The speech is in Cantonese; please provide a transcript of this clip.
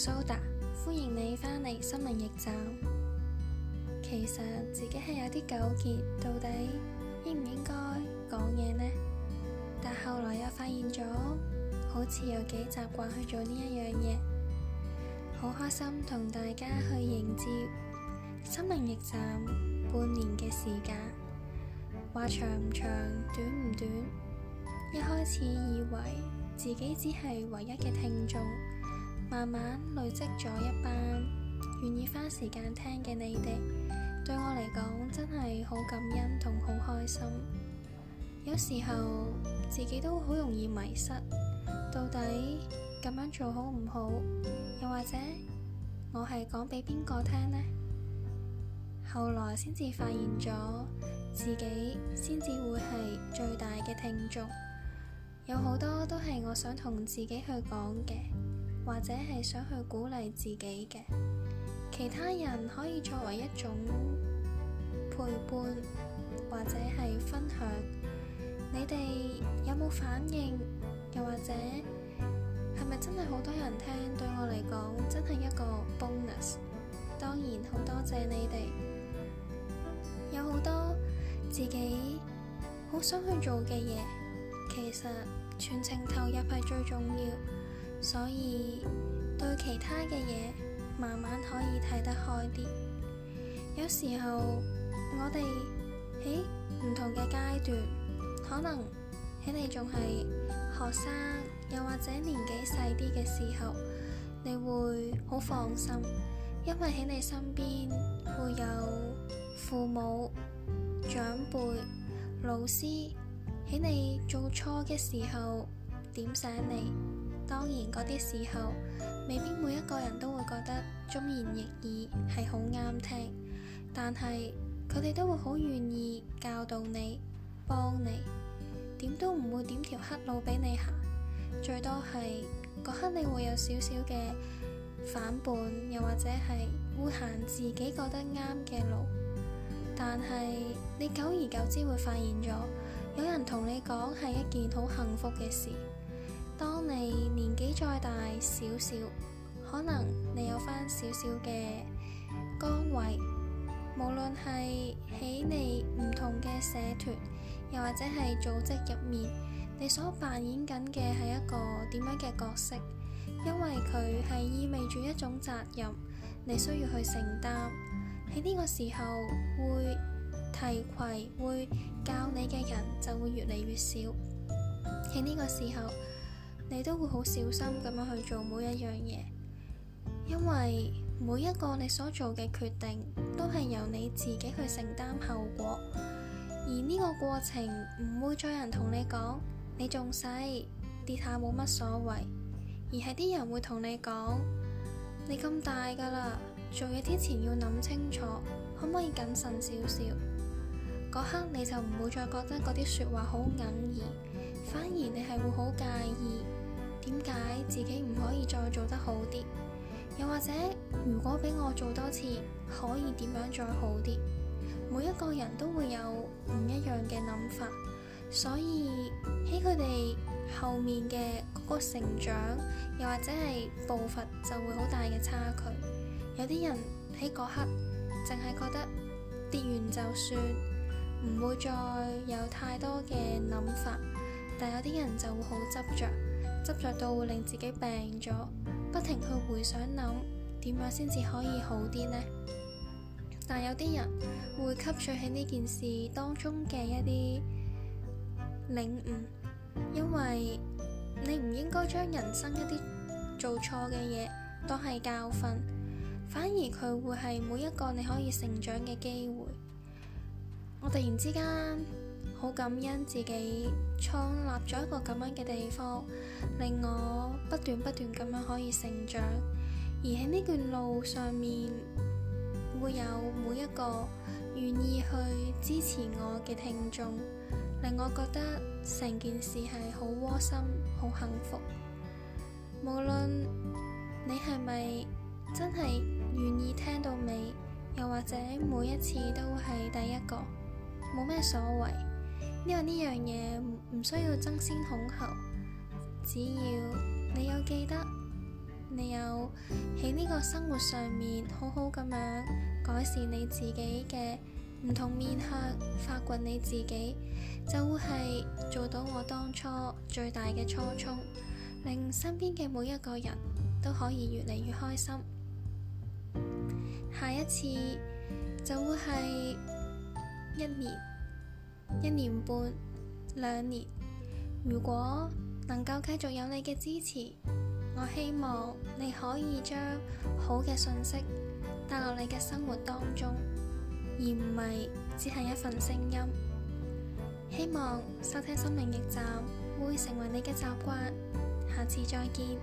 蘇達，so，歡迎你返嚟心靈驛站。其實自己係有啲糾結，到底應唔應該講嘢呢？但後來又發現咗，好似有幾習慣去做呢一樣嘢。好開心同大家去迎接心靈驛站半年嘅時間，話長唔長，短唔短。一開始以為自己只係唯一嘅聽眾。慢慢累積咗一班願意花時間聽嘅你哋，對我嚟講真係好感恩同好開心。有時候自己都好容易迷失，到底咁樣做好唔好？又或者我係講俾邊個聽呢？後來先至發現咗，自己先至會係最大嘅聽眾，有好多都係我想同自己去講嘅。或者係想去鼓勵自己嘅，其他人可以作為一種陪伴，或者係分享。你哋有冇反應？又或者係咪真係好多人聽？對我嚟講，真係一個 bonus。當然，好多謝你哋。有好多自己好想去做嘅嘢，其實全程投入係最重要。所以對其他嘅嘢慢慢可以睇得開啲。有時候我哋喺唔同嘅階段，可能喺你仲係學生，又或者年紀細啲嘅時候，你會好放心，因為喺你身邊會有父母、長輩、老師，喺你做錯嘅時候點醒你。當然嗰啲時候未必每一個人都會覺得忠言逆耳係好啱聽，但係佢哋都會好願意教導你、幫你，點都唔會點條黑路俾你行。最多係嗰刻你會有少少嘅反叛，又或者係會行自己覺得啱嘅路。但係你久而久之會發現咗，有人同你講係一件好幸福嘅事。當你年紀再大少少，可能你有返少少嘅崗位，無論係喺你唔同嘅社團，又或者係組織入面，你所扮演緊嘅係一個點樣嘅角色，因為佢係意味住一種責任，你需要去承擔。喺呢個時候，會提攜、會教你嘅人就會越嚟越少。喺呢個時候，你都會好小心咁樣去做每一樣嘢，因為每一個你所做嘅決定都係由你自己去承擔後果，而呢個過程唔會再有人同你講，你仲細跌下冇乜所謂，而係啲人會同你講，你咁大㗎喇，做嘢之前要諗清楚，可唔可以謹慎少少？嗰刻你就唔會再覺得嗰啲說話好哽耳，反而你係會好介意。點解自己唔可以再做得好啲？又或者如果俾我做多次，可以點樣再好啲？每一個人都會有唔一樣嘅諗法，所以喺佢哋後面嘅嗰個成長，又或者係步伐就會好大嘅差距。有啲人喺嗰刻淨係覺得跌完就算，唔會再有太多嘅諗法，但有啲人就會好執着。執着到會令自己病咗，不停去回想諗，點樣先至可以好啲呢？但有啲人會吸取喺呢件事當中嘅一啲領悟，因為你唔應該將人生一啲做錯嘅嘢當係教訓，反而佢會係每一個你可以成長嘅機會。我突然之間。好感恩自己創立咗一個咁樣嘅地方，令我不斷不斷咁樣可以成長，而喺呢段路上面會有每一個願意去支持我嘅聽眾，令我覺得成件事係好窩心，好幸福。無論你係咪真係願意聽到尾，又或者每一次都係第一個，冇咩所謂。呢個呢樣嘢唔需要爭先恐後，只要你有記得，你有喺呢個生活上面好好咁樣改善你自己嘅唔同面向，發掘你自己，就會係做到我當初最大嘅初衷，令身邊嘅每一個人都可以越嚟越開心。下一次就會係一年、一年半、兩年，如果能夠繼續有你嘅支持，我希望你可以將好嘅信息帶落你嘅生活當中，而唔係只係一份聲音。希望收聽心靈驛站會成為你嘅習慣，下次再見。